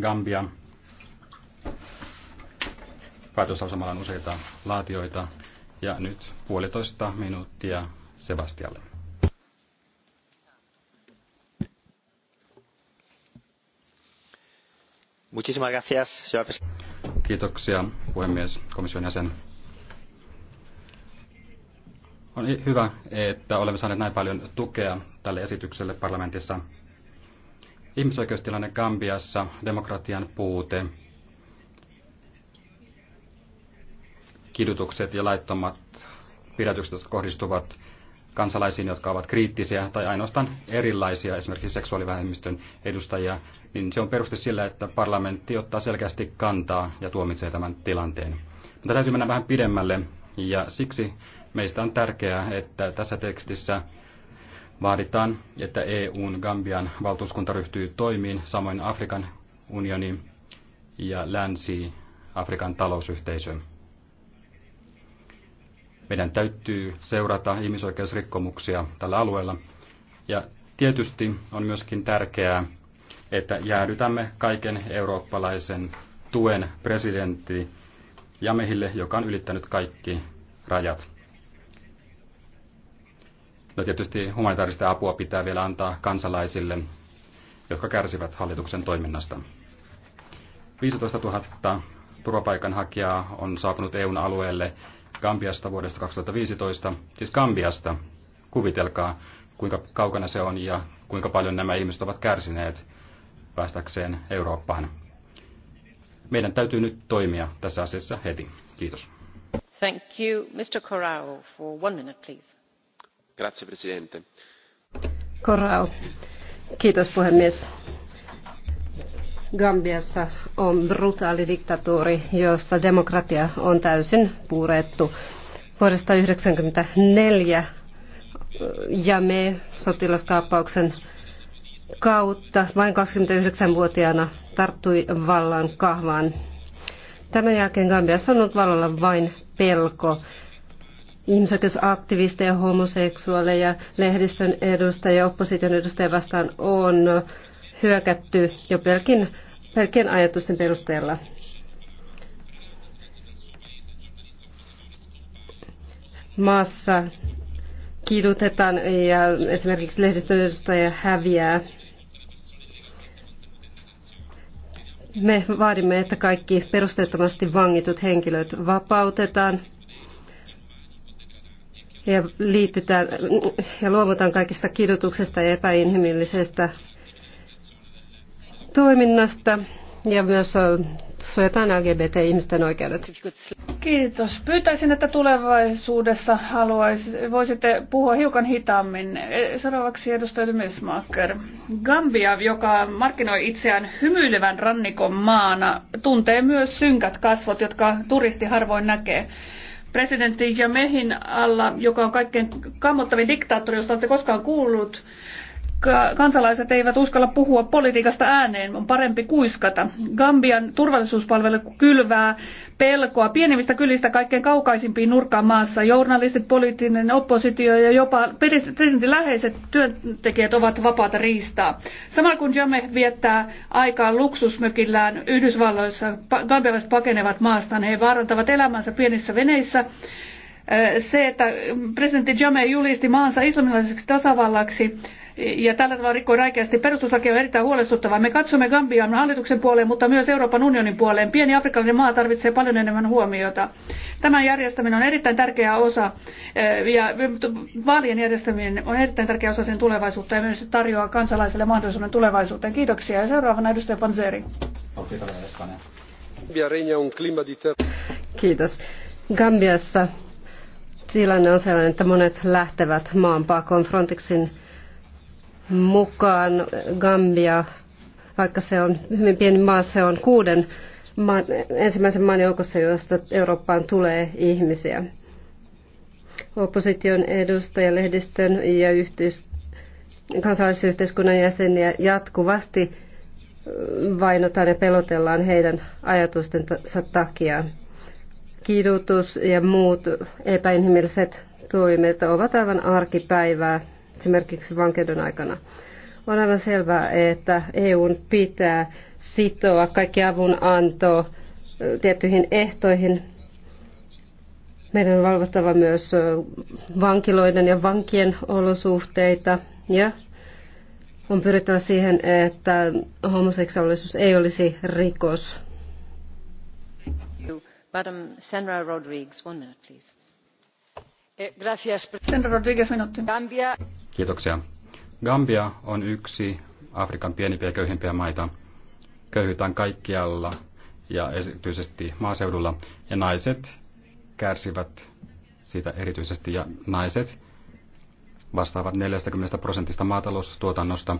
Gambia. Päätösasemalla on useita laatioita. Ja nyt puolitoista minuuttia Sebastialle. Muchísimas gracias, Kiitoksia, puhemies, komission jäsen. On hyvä, että olemme saaneet näin paljon tukea tälle esitykselle parlamentissa ihmisoikeustilanne Gambiassa, demokratian puute, kidutukset ja laittomat pidätykset, jotka kohdistuvat kansalaisiin, jotka ovat kriittisiä tai ainoastaan erilaisia, esimerkiksi seksuaalivähemmistön edustajia, niin se on peruste sillä, että parlamentti ottaa selkeästi kantaa ja tuomitsee tämän tilanteen. Mutta täytyy mennä vähän pidemmälle, ja siksi meistä on tärkeää, että tässä tekstissä Vaaditaan, että EUn Gambian valtuuskunta ryhtyy toimiin, samoin Afrikan unioni ja Länsi-Afrikan talousyhteisö. Meidän täytyy seurata ihmisoikeusrikkomuksia tällä alueella. Ja tietysti on myöskin tärkeää, että jäädytämme kaiken eurooppalaisen tuen presidentti Jamehille, joka on ylittänyt kaikki rajat. No tietysti humanitaarista apua pitää vielä antaa kansalaisille, jotka kärsivät hallituksen toiminnasta. 15 000 turvapaikanhakijaa on saapunut EUn alueelle Gambiasta vuodesta 2015, siis Gambiasta. Kuvitelkaa, kuinka kaukana se on ja kuinka paljon nämä ihmiset ovat kärsineet päästäkseen Eurooppaan. Meidän täytyy nyt toimia tässä asiassa heti. Kiitos. Thank you, Mr. Corrao, for one minute, please. Grazie, presidente. Korrao. Kiitos puhemies. Gambiassa on brutaali diktatuuri, jossa demokratia on täysin purettu. Vuodesta 1994 äh, ja me sotilaskaappauksen kautta vain 29-vuotiaana tarttui vallan kahvaan. Tämän jälkeen Gambiassa on ollut vallalla vain pelko ihmisoikeusaktivisteja, homoseksuaaleja, lehdistön edustajia, opposition edustajia vastaan on hyökätty jo pelkin, pelkien ajatusten perusteella. Maassa kidutetaan ja esimerkiksi lehdistön edustajia häviää. Me vaadimme, että kaikki perusteettomasti vangitut henkilöt vapautetaan ja, liitytään, ja luovutaan kaikista kidutuksesta ja epäinhimillisestä toiminnasta ja myös suojataan LGBT-ihmisten oikeudet. Kiitos. Pyytäisin, että tulevaisuudessa haluaisi, voisitte puhua hiukan hitaammin. E, seuraavaksi edustaja Dymesmaker. Gambia, joka markkinoi itseään hymyilevän rannikon maana, tuntee myös synkät kasvot, jotka turisti harvoin näkee presidentti Jamehin alla, joka on kaikkein kammottavin diktaattori, josta olette koskaan kuullut, kansalaiset eivät uskalla puhua politiikasta ääneen, on parempi kuiskata. Gambian turvallisuuspalvelu kylvää pelkoa pienimmistä kylistä kaikkein kaukaisimpiin nurkkaan maassa. Journalistit, poliittinen oppositio ja jopa presidentin läheiset työntekijät ovat vapaata riistaa. Samalla kun Jame viettää aikaa luksusmökillään Yhdysvalloissa, gambialaiset pakenevat maastaan. He vaarantavat elämänsä pienissä veneissä äh, se, että presidentti Jame julisti maansa islamilaiseksi tasavallaksi, ja tällä tavalla rikkoi räikeästi. Perustuslaki on erittäin huolestuttava. Me katsomme Gambian hallituksen puoleen, mutta myös Euroopan unionin puoleen. Pieni afrikkalainen maa tarvitsee paljon enemmän huomiota. Tämän järjestäminen on erittäin tärkeä osa eh, ja vaalien järjestäminen on erittäin tärkeä osa sen tulevaisuutta ja myös tarjoaa kansalaisille mahdollisuuden tulevaisuuteen. Kiitoksia ja seuraavana edustaja Panzeri. Kiitos. Gambiassa tilanne on sellainen, että monet lähtevät maan Frontexin mukaan Gambia, vaikka se on hyvin pieni maa, se on kuuden maan, ensimmäisen maan joukossa, josta Eurooppaan tulee ihmisiä. Opposition edustaja, lehdistön ja yhteys, kansalaisyhteiskunnan jäseniä jatkuvasti vainotaan ja pelotellaan heidän ajatustensa takia. Kidutus ja muut epäinhimilliset toimet ovat aivan arkipäivää esimerkiksi vankeuden aikana. On aivan selvää, että EUn pitää sitoa kaikki avunanto tiettyihin ehtoihin. Meidän on valvottava myös vankiloiden ja vankien olosuhteita ja on pyrittävä siihen, että homoseksuaalisuus ei olisi rikos. Madam Senra Rodriguez, one minute, please. Eh, Senra Rodriguez, minuutti. Kiitoksia. Gambia on yksi Afrikan pienimpiä ja köyhimpiä maita. Köyhyytään kaikkialla ja erityisesti maaseudulla. Ja naiset kärsivät siitä erityisesti. Ja naiset vastaavat 40 prosentista maataloustuotannosta,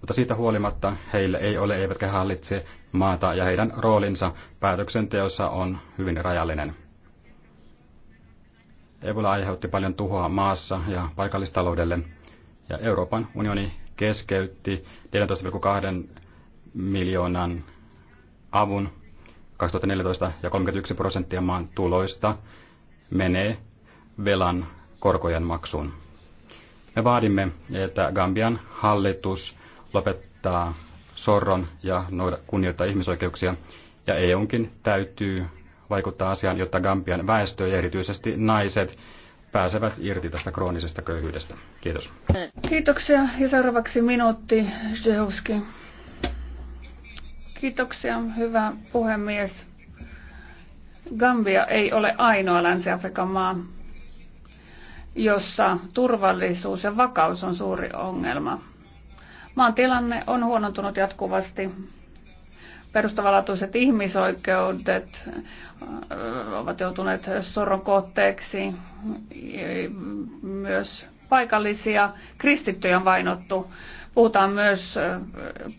mutta siitä huolimatta heillä ei ole eivätkä hallitse maata ja heidän roolinsa päätöksenteossa on hyvin rajallinen. Ebola aiheutti paljon tuhoa maassa ja paikallistaloudelle. Ja Euroopan unioni keskeytti 14,2 miljoonan avun 2014 ja 31 prosenttia maan tuloista menee velan korkojen maksuun. Me vaadimme, että Gambian hallitus lopettaa sorron ja kunnioittaa ihmisoikeuksia, ja EUnkin täytyy vaikuttaa asiaan, jotta Gambian väestö ja erityisesti naiset pääsevät irti tästä kroonisesta köyhyydestä. Kiitos. Kiitoksia. Ja seuraavaksi minuutti, Zdechowski. Kiitoksia, hyvä puhemies. Gambia ei ole ainoa Länsi-Afrikan maa, jossa turvallisuus ja vakaus on suuri ongelma. Maan tilanne on huonontunut jatkuvasti perustavanlaatuiset ihmisoikeudet ovat joutuneet sorron kohteeksi. Myös paikallisia kristittyjä on vainottu. Puhutaan myös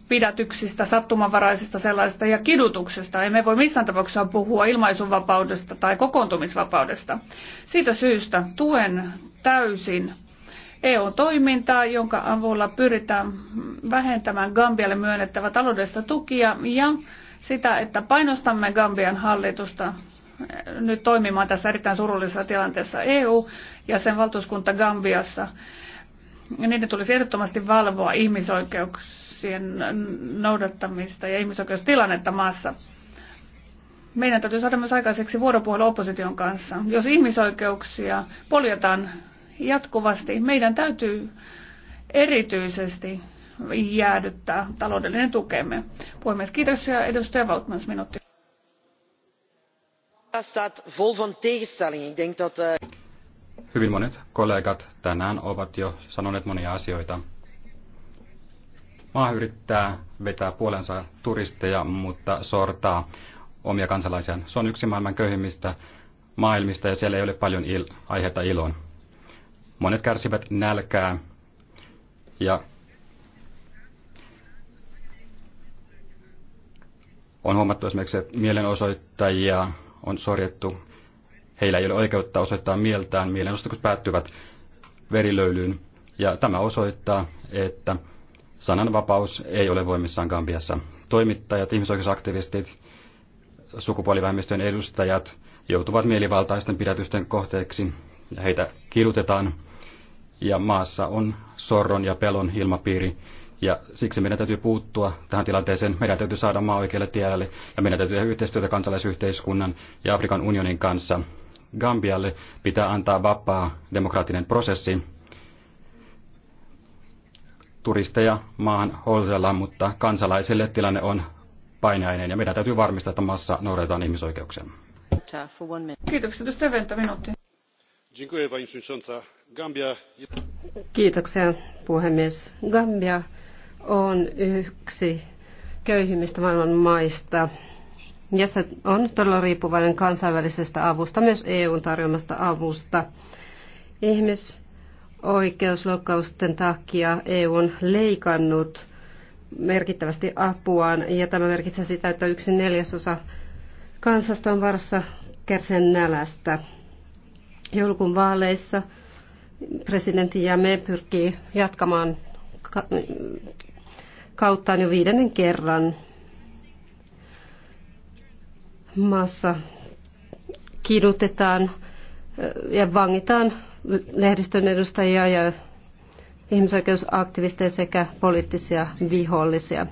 pidätyksistä, sattumanvaraisista sellaisista ja kidutuksesta. Emme voi missään tapauksessa puhua ilmaisunvapaudesta tai kokoontumisvapaudesta. Siitä syystä tuen täysin EU-toimintaa, jonka avulla pyritään vähentämään Gambialle myönnettävä taloudellista tukia ja sitä, että painostamme Gambian hallitusta eh, nyt toimimaan tässä erittäin surullisessa tilanteessa EU ja sen valtuuskunta Gambiassa. Niiden tulisi ehdottomasti valvoa ihmisoikeuksien noudattamista ja ihmisoikeustilannetta maassa. Meidän täytyy saada myös aikaiseksi vuoropuhelu opposition kanssa. Jos ihmisoikeuksia poljetaan jatkuvasti. Meidän täytyy erityisesti jäädyttää taloudellinen tukemme. Puhemies, kiitos ja edustaja Valtmans minuutti. Eh, Hyvin monet kollegat tänään ovat jo sanoneet monia asioita. Maa yrittää vetää puolensa turisteja, mutta sortaa omia kansalaisiaan. Se on yksi maailman köyhimmistä maailmista ja siellä ei ole paljon il- aiheita iloon. Monet kärsivät nälkää ja on huomattu esimerkiksi, että mielenosoittajia on sorjettu. Heillä ei ole oikeutta osoittaa mieltään. Mielenosoitukset päättyvät verilöylyyn. Ja tämä osoittaa, että sananvapaus ei ole voimissaan Gambiassa. Toimittajat, ihmisoikeusaktivistit, sukupuolivähemmistöjen edustajat joutuvat mielivaltaisten pidätysten kohteeksi ja heitä kirjoitetaan ja maassa on sorron ja pelon ilmapiiri. Ja siksi meidän täytyy puuttua tähän tilanteeseen. Meidän täytyy saada maa oikealle tielle ja meidän täytyy tehdä yhteistyötä kansalaisyhteiskunnan ja Afrikan unionin kanssa. Gambialle pitää antaa vapaa demokraattinen prosessi. Turisteja maahan holsellaan, mutta kansalaisille tilanne on painainen ja meidän täytyy varmistaa, että maassa noudatetaan ihmisoikeuksia. Kiitoksia, Venta, minuutti. Kiitoksia puhemies. Gambia on yksi köyhimmistä maailman maista ja se on todella riippuvainen kansainvälisestä avusta, myös EUn tarjoamasta avusta. Ihmisoikeusloukkausten takia EU on leikannut merkittävästi apuaan ja tämä merkitsee sitä, että yksi neljäsosa kansasta on varassa kärsen nälästä. Joulukuun vaaleissa presidentti Jame pyrkii jatkamaan kauttaan jo viidennen kerran maassa kidutetaan ja vangitaan lehdistön edustajia ja ihmisoikeusaktivisteja sekä poliittisia vihollisia.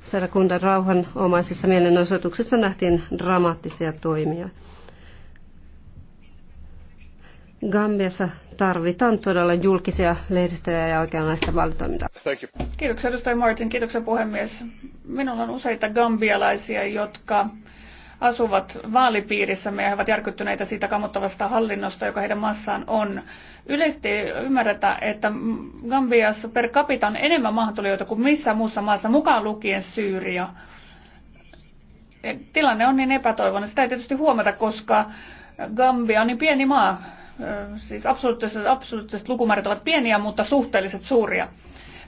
Serakundan rauhanomaisissa mielenosoituksissa nähtiin dramaattisia toimia. Gambiassa tarvitaan todella julkisia lehdistöjä ja oikeanlaista valtoimintaa. Kiitoksia edustaja Martin, kiitoksia puhemies. Minulla on useita gambialaisia, jotka asuvat vaalipiirissä ja he ovat järkyttyneitä siitä kamottavasta hallinnosta, joka heidän maassaan on. Yleisesti ymmärretä, että Gambiassa per capita on enemmän maahantulijoita kuin missään muussa maassa, mukaan lukien Syyria. Tilanne on niin epätoivoinen. Sitä ei tietysti huomata, koska Gambia on niin pieni maa siis absoluuttiset, absoluuttiset lukumäärät ovat pieniä, mutta suhteelliset suuria.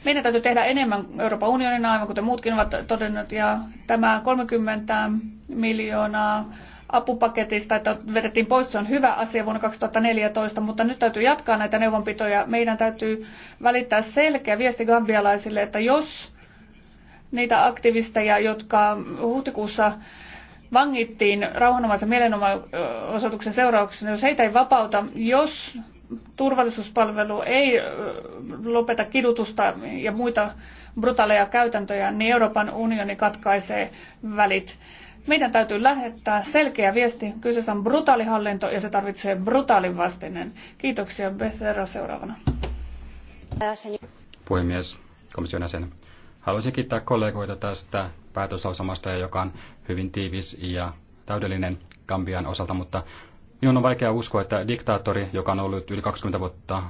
Meidän täytyy tehdä enemmän Euroopan unionin aivan kuten muutkin ovat todenneet, ja tämä 30 miljoonaa apupaketista, että vedettiin pois, se on hyvä asia vuonna 2014, mutta nyt täytyy jatkaa näitä neuvonpitoja. Meidän täytyy välittää selkeä viesti gambialaisille, että jos niitä aktivisteja, jotka huhtikuussa vangittiin rauhanomaisen mielenosoituksen seurauksena, jos heitä ei vapauta, jos turvallisuuspalvelu ei lopeta kidutusta ja muita brutaaleja käytäntöjä, niin Euroopan unioni katkaisee välit. Meidän täytyy lähettää selkeä viesti. Kyseessä on brutaali hallinto ja se tarvitsee brutaalin vastineen. Kiitoksia. Becerra seuraavana. Puhemies, komission jäsen. Haluaisin kiittää kollegoita tästä päätöslausamasta ja joka on hyvin tiivis ja täydellinen Gambian osalta, mutta minun on vaikea uskoa, että diktaattori, joka on ollut yli 20 vuotta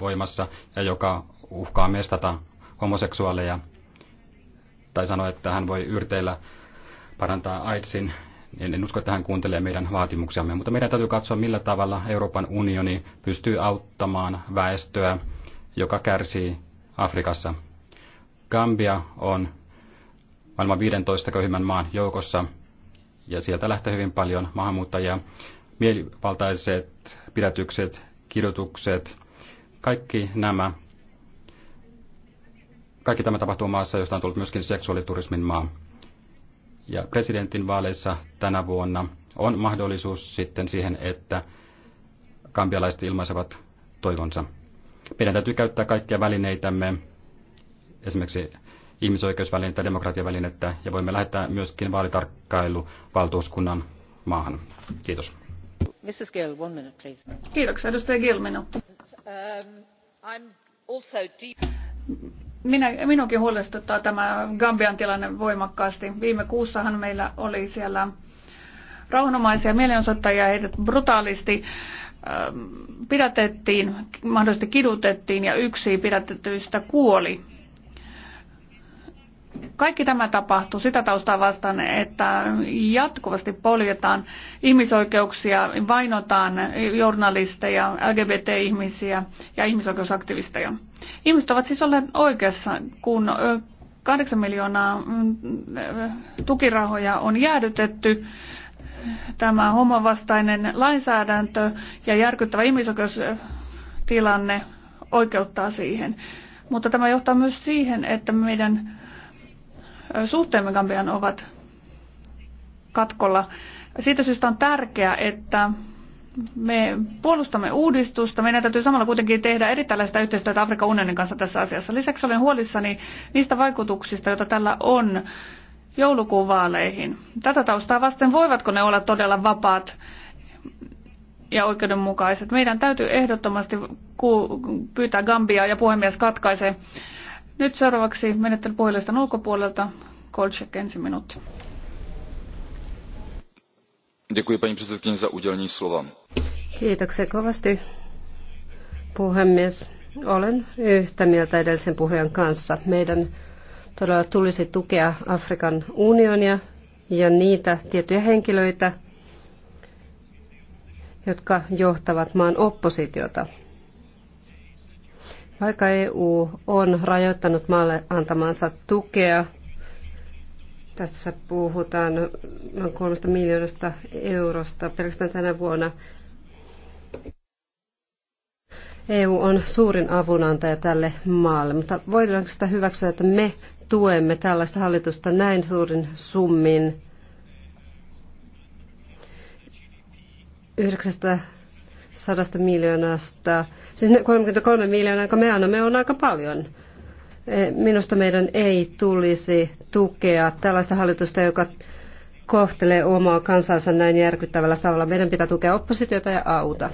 voimassa ja joka uhkaa mestata homoseksuaaleja tai sanoa, että hän voi yrteillä parantaa AIDSin, en, niin en usko, että hän kuuntelee meidän vaatimuksiamme, mutta meidän täytyy katsoa, millä tavalla Euroopan unioni pystyy auttamaan väestöä, joka kärsii Afrikassa. Gambia on maailman 15 köyhimmän maan joukossa, ja sieltä lähtee hyvin paljon maahanmuuttajia. Mielivaltaiset pidätykset, kirjoitukset, kaikki nämä, kaikki tämä tapahtuu maassa, josta on tullut myöskin seksuaaliturismin maa. Ja presidentin vaaleissa tänä vuonna on mahdollisuus sitten siihen, että kambialaiset ilmaisevat toivonsa. Meidän täytyy käyttää kaikkia välineitämme, esimerkiksi ihmisoikeusvälinettä, demokratiavälinettä ja voimme lähettää myöskin vaalitarkkailu valtuuskunnan maahan. Kiitos. Mrs. Gill, one minute, please. Kiitoksia, edustaja Gill, minuutti. Um, I'm also deep... Minä, minunkin huolestuttaa tämä Gambian tilanne voimakkaasti. Viime kuussahan meillä oli siellä rauhanomaisia mielenosoittajia, heidät brutaalisti ähm, pidätettiin, mahdollisesti kidutettiin ja yksi pidätetyistä kuoli. Kaikki tämä tapahtuu sitä taustaa vastaan, että jatkuvasti poljetaan ihmisoikeuksia, vainotaan journalisteja, LGBT-ihmisiä ja ihmisoikeusaktivisteja. Ihmiset ovat siis olleet oikeassa, kun 8 miljoonaa mm, tukirahoja on jäädytetty tämä homovastainen lainsäädäntö ja järkyttävä ihmisoikeustilanne oikeuttaa siihen. Mutta tämä johtaa myös siihen, että meidän suhteemme Gambian ovat katkolla. Siitä syystä on tärkeää, että me puolustamme uudistusta. Meidän täytyy samalla kuitenkin tehdä tällaista yhteistyötä Afrikan unionin kanssa tässä asiassa. Lisäksi olen huolissani niistä vaikutuksista, joita tällä on joulukuun vaaleihin. Tätä taustaa vasten voivatko ne olla todella vapaat ja oikeudenmukaiset? Meidän täytyy ehdottomasti pyytää Gambiaa ja puhemies katkaisee nyt seuraavaksi menettely puhujalistan ulkopuolelta. Kolchek ensi minuutti. Děkuji paní předsedkyni za udělení slova. Kiitoksia kovasti, puhemies. Olen yhtä mieltä edellisen puhujan kanssa. Meidän todella tulisi tukea Afrikan unionia ja niitä tiettyjä henkilöitä, jotka johtavat maan oppositiota. Vaikka EU on rajoittanut maalle antamansa tukea, tässä puhutaan noin kolmesta miljoonasta eurosta pelkästään tänä vuonna. EU on suurin avunantaja tälle maalle, mutta voidaanko sitä hyväksyä, että me tuemme tällaista hallitusta näin suurin summin? 9 sadasta miljoonasta, siis 33 miljoonaa, jonka me annamme, on aika paljon. E, minusta meidän ei tulisi tukea tällaista hallitusta, joka kohtelee omaa kansansa näin järkyttävällä tavalla. Meidän pitää tukea oppositiota ja auta.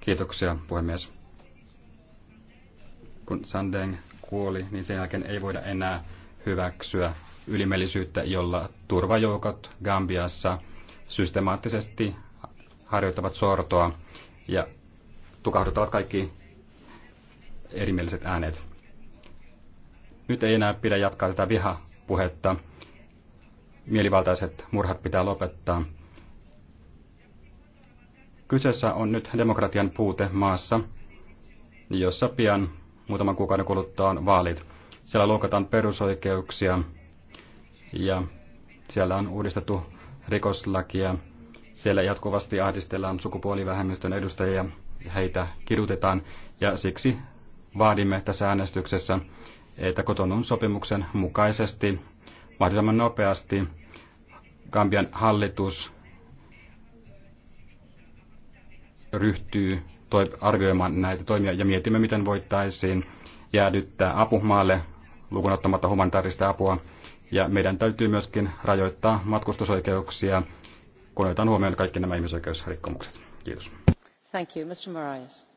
Kiitoksia, puhemies kun Sandeng kuoli, niin sen jälkeen ei voida enää hyväksyä ylimielisyyttä, jolla turvajoukot Gambiassa systemaattisesti harjoittavat sortoa ja tukahduttavat kaikki erimieliset äänet. Nyt ei enää pidä jatkaa tätä vihapuhetta. Mielivaltaiset murhat pitää lopettaa. Kyseessä on nyt demokratian puute maassa, jossa pian muutaman kuukauden kuluttua on vaalit. Siellä loukataan perusoikeuksia ja siellä on uudistettu rikoslakia. Siellä jatkuvasti ahdistellaan sukupuolivähemmistön edustajia, heitä kidutetaan ja siksi vaadimme tässä äänestyksessä, että kotonun sopimuksen mukaisesti mahdollisimman nopeasti Gambian hallitus ryhtyy arvioimaan näitä toimia ja mietimme, miten voitaisiin jäädyttää apumaalle lukuun ottamatta humanitaarista apua. Ja meidän täytyy myöskin rajoittaa matkustusoikeuksia, kun otetaan huomioon kaikki nämä ihmisoikeusrikkomukset. Kiitos. Thank you, Mr. Marias.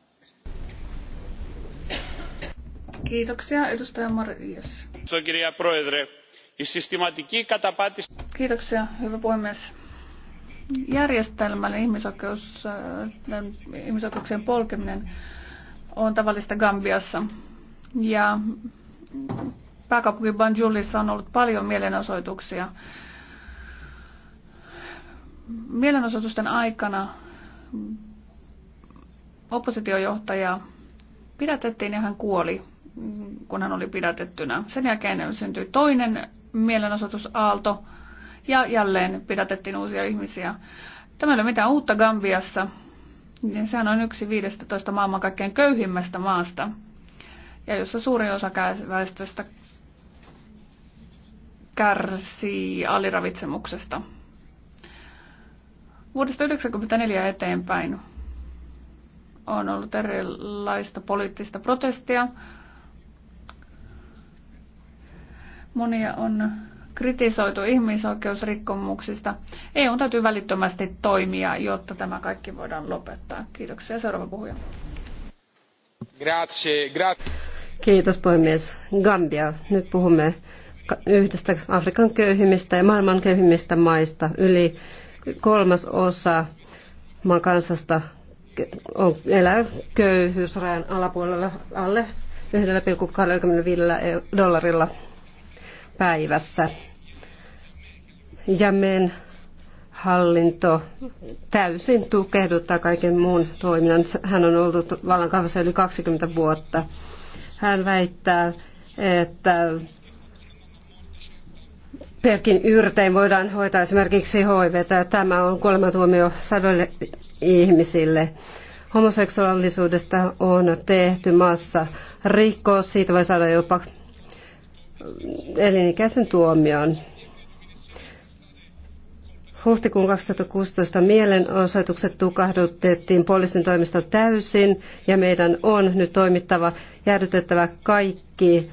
Kiitoksia, edustaja Marias. Kiitoksia, hyvä puhemies järjestelmän ihmisoikeus, ihmisoikeuksien polkeminen on tavallista Gambiassa. Ja pääkaupunki Banjulissa on ollut paljon mielenosoituksia. Mielenosoitusten aikana oppositiojohtaja pidätettiin ja hän kuoli, kun hän oli pidätettynä. Sen jälkeen syntyi toinen mielenosoitusaalto ja jälleen pidätettiin uusia ihmisiä. Tämä ei ole mitään uutta Gambiassa. Niin sehän on yksi 15 maailman kaikkein köyhimmästä maasta, ja jossa suuri osa väestöstä kärsii aliravitsemuksesta. Vuodesta 1994 eteenpäin on ollut erilaista poliittista protestia. Monia on kritisoitu ihmisoikeusrikkomuksista. EU täytyy välittömästi toimia, jotta tämä kaikki voidaan lopettaa. Kiitoksia. Seuraava puhuja. Grazie, Kiitos puhemies. Gambia. Nyt puhumme yhdestä Afrikan köyhimmistä ja maailman köyhimmistä maista. Yli kolmas osa maan kansasta elää köyhyysrajan alapuolella alle 1,25 e- dollarilla päivässä men hallinto täysin tukehduttaa kaiken muun toiminnan. Hän on ollut vallankahvassa yli 20 vuotta. Hän väittää, että pelkin yrtein voidaan hoitaa esimerkiksi HIV, Tämä on kuolematuomio sadoille ihmisille. Homoseksuaalisuudesta on tehty maassa rikkoa siitä voi saada jopa elinikäisen tuomion. Huhtikuun 2016 mielenosoitukset tukahdutettiin poliisin toimista täysin ja meidän on nyt toimittava, jäädytettävä kaikki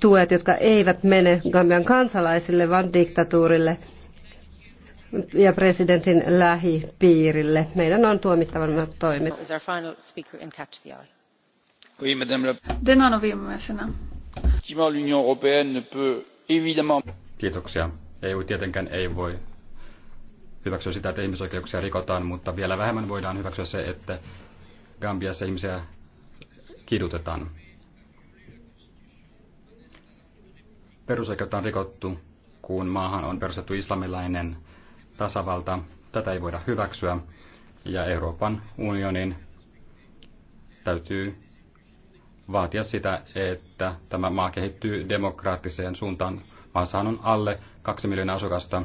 tuet, jotka eivät mene Gambian kansalaisille, vaan diktatuurille ja presidentin lähipiirille. Meidän on tuomittava nämä toimet. Denano viimeisenä. Kiitoksia. EU tietenkään ei voi hyväksyä sitä, että ihmisoikeuksia rikotaan, mutta vielä vähemmän voidaan hyväksyä se, että Gambiassa ihmisiä kidutetaan. Perusoikeutta on rikottu, kun maahan on perustettu islamilainen tasavalta. Tätä ei voida hyväksyä ja Euroopan unionin täytyy vaatia sitä, että tämä maa kehittyy demokraattiseen suuntaan. Maassahan on alle kaksi miljoonaa asukasta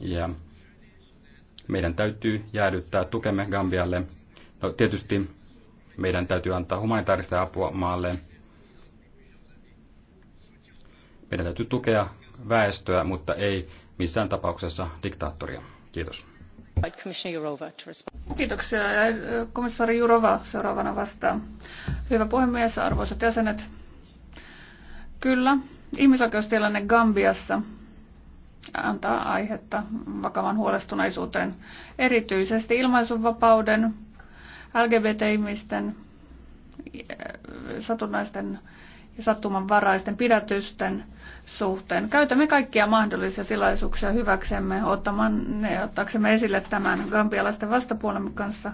ja meidän täytyy jäädyttää tukemme Gambialle. No, tietysti meidän täytyy antaa humanitaarista apua maalle. Meidän täytyy tukea väestöä, mutta ei missään tapauksessa diktaattoria. Kiitos. Kiitoksia. Äh, komissaari Jurova seuraavana vastaa. Hyvä puhemies, arvoisat jäsenet. Kyllä, ihmisoikeustilanne Gambiassa antaa aihetta vakavan huolestuneisuuteen. Erityisesti ilmaisunvapauden, LGBT-ihmisten, satunnaisten ja sattumanvaraisten pidätysten suhteen. Käytämme kaikkia mahdollisia tilaisuuksia hyväksemme, ottaaksemme esille tämän gambialaisten vastapuolemme kanssa.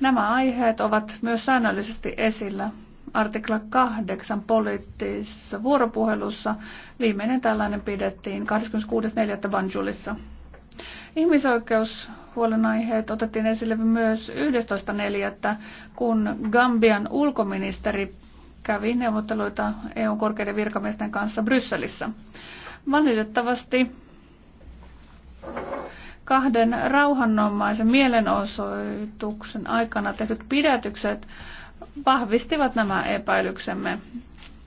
Nämä aiheet ovat myös säännöllisesti esillä artikla 8 poliittisessa vuoropuhelussa. Viimeinen tällainen pidettiin 26.4. Banjulissa. Ihmisoikeushuolenaiheet otettiin esille myös 11.4. kun Gambian ulkoministeri kävi neuvotteluita EUn korkeiden virkamiesten kanssa Brysselissä. Valitettavasti kahden rauhanomaisen mielenosoituksen aikana tehdyt pidätykset vahvistivat nämä epäilyksemme.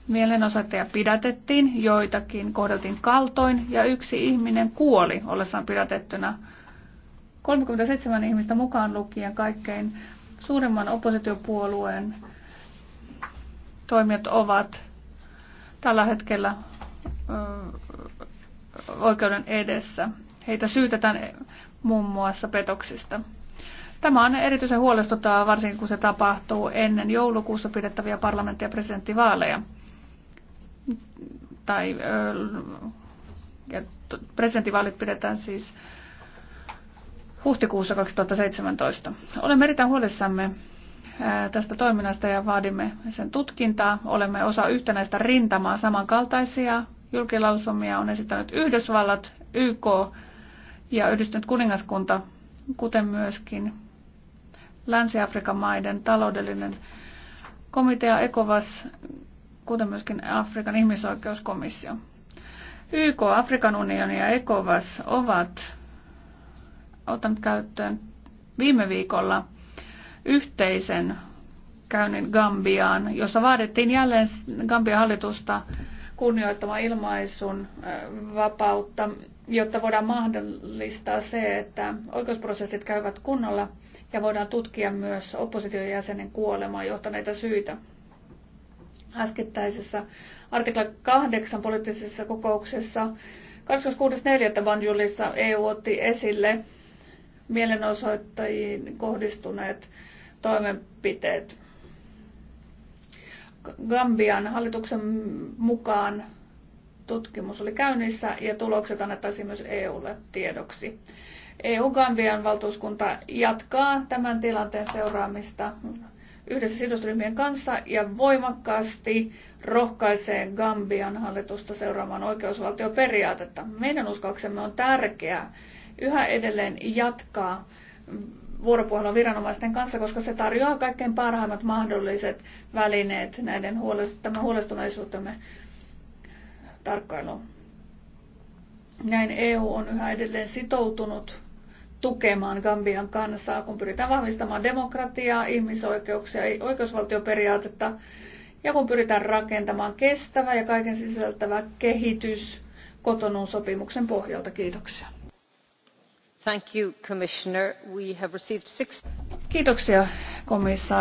Mielenosoittajia pidätettiin, joitakin kohdeltiin kaltoin ja yksi ihminen kuoli ollessaan pidätettynä. 37 ihmistä mukaan lukien kaikkein suurimman oppositiopuolueen toimijat ovat tällä hetkellä oikeuden edessä. Heitä syytetään muun muassa petoksista. Tämä on erityisen huolestuttavaa, varsinkin kun se tapahtuu ennen joulukuussa pidettäviä parlamentti- ja presidenttivaaleja. Tai ja presidentinvaalit pidetään siis huhtikuussa 2017. Olemme erittäin huolissamme tästä toiminnasta ja vaadimme sen tutkintaa. Olemme osa yhtenäistä rintamaa samankaltaisia. Julkilausumia on esittänyt Yhdysvallat, YK ja yhdistynyt kuningaskunta, kuten myöskin Länsi-Afrikan maiden taloudellinen komitea ECOWAS, kuten myöskin Afrikan ihmisoikeuskomissio. YK, Afrikan unioni ja ECOWAS ovat ottaneet käyttöön viime viikolla yhteisen käynnin Gambiaan, jossa vaadittiin jälleen Gambian hallitusta kunnioittamaan ilmaisun vapautta, jotta voidaan mahdollistaa se, että oikeusprosessit käyvät kunnolla ja voidaan tutkia myös opposition jäsenen kuolemaan johtaneita syitä. Äskettäisessä artikla 8 poliittisessa kokouksessa 26.4. Banjulissa EU otti esille mielenosoittajiin kohdistuneet toimenpiteet. Gambian hallituksen mukaan tutkimus oli käynnissä ja tulokset annettaisiin myös EUlle tiedoksi. EU-Gambian valtuuskunta jatkaa tämän tilanteen seuraamista yhdessä sidosryhmien kanssa ja voimakkaasti rohkaisee Gambian hallitusta seuraamaan oikeusvaltioperiaatetta. Meidän uskoaksemme on tärkeää yhä edelleen jatkaa vuoropuhelua viranomaisten kanssa, koska se tarjoaa kaikkein parhaimmat mahdolliset välineet näiden tämän huolestuneisuutemme tarkkailuun. Näin EU on yhä edelleen sitoutunut tukemaan Gambian kansaa, kun pyritään vahvistamaan demokratiaa, ihmisoikeuksia ja oikeusvaltioperiaatetta ja kun pyritään rakentamaan kestävä ja kaiken sisältävä kehitys kotonuun sopimuksen pohjalta. Kiitoksia kiitoksia komissaari esittelystä.